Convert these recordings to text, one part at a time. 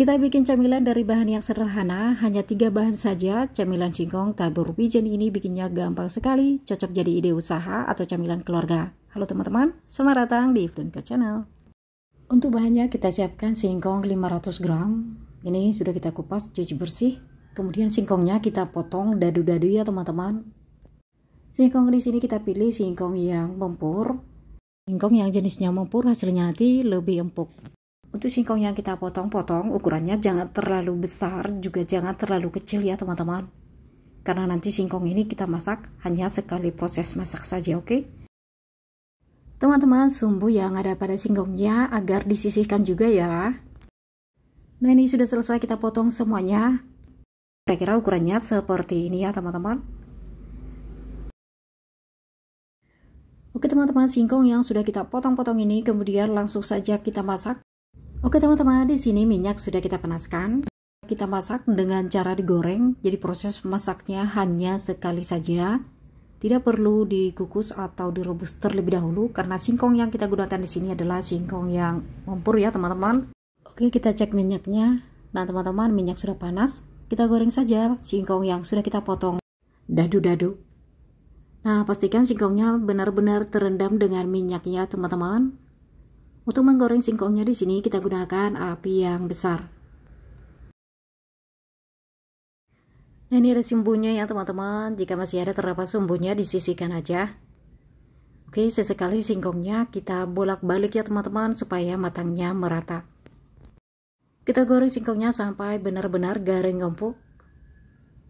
Kita bikin camilan dari bahan yang sederhana, hanya tiga bahan saja. Camilan singkong tabur wijen ini bikinnya gampang sekali, cocok jadi ide usaha atau camilan keluarga. Halo teman-teman, selamat datang di Flimka Channel. Untuk bahannya kita siapkan singkong 500 gram. Ini sudah kita kupas, cuci bersih. Kemudian singkongnya kita potong dadu-dadu ya teman-teman. Singkong di sini kita pilih singkong yang mempur. Singkong yang jenisnya mempur hasilnya nanti lebih empuk. Untuk singkong yang kita potong-potong, ukurannya jangan terlalu besar, juga jangan terlalu kecil ya teman-teman. Karena nanti singkong ini kita masak hanya sekali proses masak saja, oke? Okay? Teman-teman, sumbu yang ada pada singkongnya agar disisihkan juga ya. Nah ini sudah selesai kita potong semuanya. Kira-kira ukurannya seperti ini ya teman-teman. Oke teman-teman, singkong yang sudah kita potong-potong ini kemudian langsung saja kita masak. Oke teman-teman, di sini minyak sudah kita panaskan. Kita masak dengan cara digoreng, jadi proses masaknya hanya sekali saja. Tidak perlu dikukus atau direbus terlebih dahulu karena singkong yang kita gunakan di sini adalah singkong yang mempur ya teman-teman. Oke, kita cek minyaknya. Nah, teman-teman, minyak sudah panas. Kita goreng saja singkong yang sudah kita potong. Dadu-dadu. Nah, pastikan singkongnya benar-benar terendam dengan minyaknya, teman-teman. Untuk menggoreng singkongnya di sini kita gunakan api yang besar. ini ada sumbunya ya teman-teman. Jika masih ada terdapat sumbunya disisihkan aja. Oke, sesekali singkongnya kita bolak-balik ya teman-teman supaya matangnya merata. Kita goreng singkongnya sampai benar-benar garing empuk.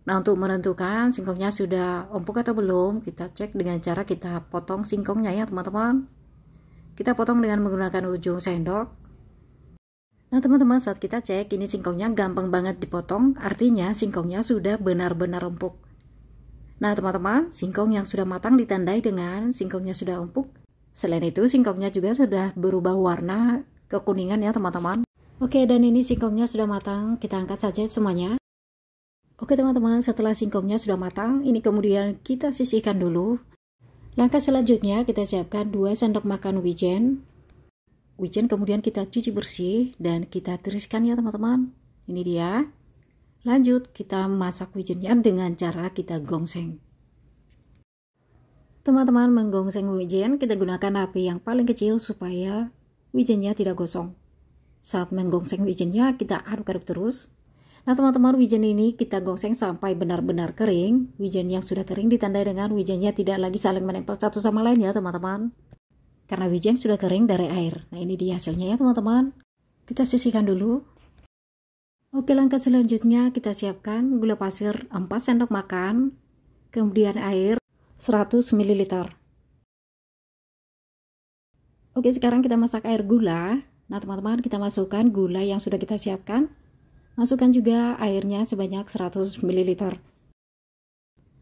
Nah, untuk menentukan singkongnya sudah empuk atau belum, kita cek dengan cara kita potong singkongnya ya teman-teman. Kita potong dengan menggunakan ujung sendok. Nah teman-teman saat kita cek ini singkongnya gampang banget dipotong artinya singkongnya sudah benar-benar empuk. Nah teman-teman singkong yang sudah matang ditandai dengan singkongnya sudah empuk. Selain itu singkongnya juga sudah berubah warna kekuningan ya teman-teman. Oke dan ini singkongnya sudah matang kita angkat saja semuanya. Oke teman-teman setelah singkongnya sudah matang ini kemudian kita sisihkan dulu Langkah selanjutnya kita siapkan 2 sendok makan wijen. Wijen kemudian kita cuci bersih dan kita tiriskan ya teman-teman. Ini dia. Lanjut kita masak wijennya dengan cara kita gongseng. Teman-teman menggongseng wijen kita gunakan api yang paling kecil supaya wijennya tidak gosong. Saat menggongseng wijennya kita aduk-aduk terus Nah teman-teman wijen ini kita gongseng sampai benar-benar kering. Wijen yang sudah kering ditandai dengan wijennya tidak lagi saling menempel satu sama lain ya teman-teman. Karena wijen sudah kering dari air. Nah ini dia hasilnya ya teman-teman. Kita sisihkan dulu. Oke langkah selanjutnya kita siapkan gula pasir 4 sendok makan. Kemudian air 100 ml. Oke sekarang kita masak air gula. Nah teman-teman kita masukkan gula yang sudah kita siapkan Masukkan juga airnya sebanyak 100 ml.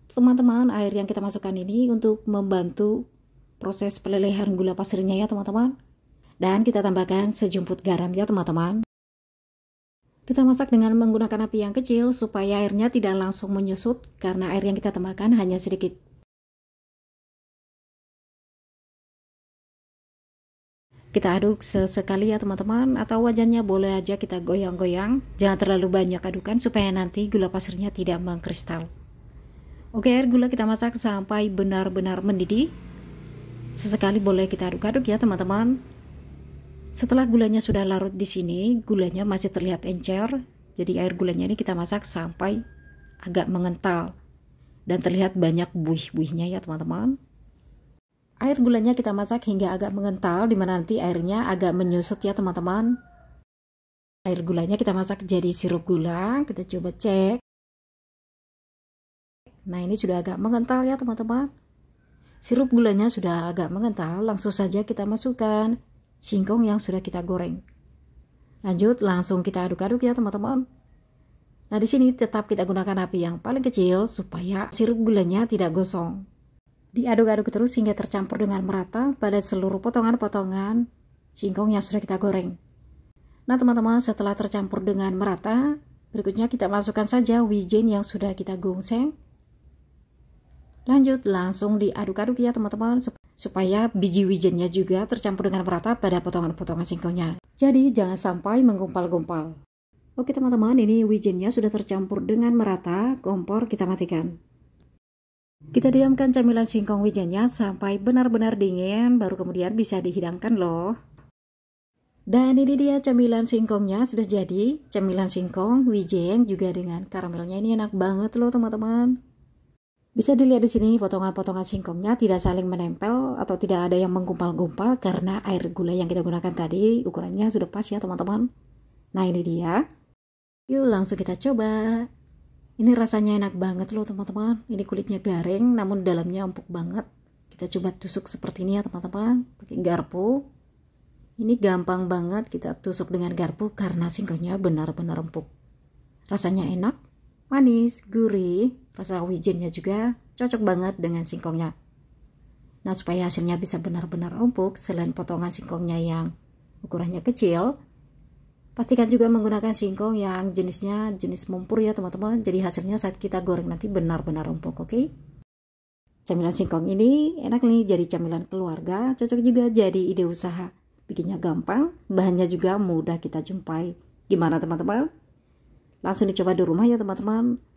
Teman-teman, air yang kita masukkan ini untuk membantu proses pelelehan gula pasirnya ya teman-teman. Dan kita tambahkan sejumput garam ya teman-teman. Kita masak dengan menggunakan api yang kecil supaya airnya tidak langsung menyusut karena air yang kita tambahkan hanya sedikit kita aduk sesekali ya teman-teman atau wajannya boleh aja kita goyang-goyang jangan terlalu banyak adukan supaya nanti gula pasirnya tidak mengkristal oke air gula kita masak sampai benar-benar mendidih sesekali boleh kita aduk-aduk ya teman-teman setelah gulanya sudah larut di sini gulanya masih terlihat encer jadi air gulanya ini kita masak sampai agak mengental dan terlihat banyak buih-buihnya ya teman-teman Air gulanya kita masak hingga agak mengental, dimana nanti airnya agak menyusut ya teman-teman. Air gulanya kita masak jadi sirup gula, kita coba cek. Nah ini sudah agak mengental ya teman-teman. Sirup gulanya sudah agak mengental, langsung saja kita masukkan singkong yang sudah kita goreng. Lanjut, langsung kita aduk-aduk ya teman-teman. Nah, di sini tetap kita gunakan api yang paling kecil supaya sirup gulanya tidak gosong. Diaduk-aduk terus hingga tercampur dengan merata pada seluruh potongan-potongan singkong yang sudah kita goreng. Nah teman-teman setelah tercampur dengan merata, berikutnya kita masukkan saja wijen yang sudah kita gongseng. Lanjut langsung diaduk-aduk ya teman-teman supaya biji wijennya juga tercampur dengan merata pada potongan-potongan singkongnya. Jadi jangan sampai menggumpal-gumpal. Oke teman-teman, ini wijennya sudah tercampur dengan merata, kompor kita matikan. Kita diamkan camilan singkong wijennya sampai benar-benar dingin, baru kemudian bisa dihidangkan loh. Dan ini dia camilan singkongnya sudah jadi. Camilan singkong, wijen juga dengan karamelnya ini enak banget loh teman-teman. Bisa dilihat di sini potongan-potongan singkongnya tidak saling menempel atau tidak ada yang menggumpal-gumpal karena air gula yang kita gunakan tadi ukurannya sudah pas ya teman-teman. Nah ini dia. Yuk langsung kita coba. Ini rasanya enak banget loh teman-teman. Ini kulitnya garing namun dalamnya empuk banget. Kita coba tusuk seperti ini ya teman-teman. Pakai garpu. Ini gampang banget kita tusuk dengan garpu karena singkongnya benar-benar empuk. Rasanya enak, manis, gurih. Rasa wijennya juga cocok banget dengan singkongnya. Nah supaya hasilnya bisa benar-benar empuk selain potongan singkongnya yang ukurannya kecil, Pastikan juga menggunakan singkong yang jenisnya jenis mumpur ya teman-teman. Jadi hasilnya saat kita goreng nanti benar-benar empuk, oke? Okay? Camilan singkong ini enak nih jadi camilan keluarga, cocok juga jadi ide usaha. Bikinnya gampang, bahannya juga mudah kita jumpai. Gimana teman-teman? Langsung dicoba di rumah ya teman-teman.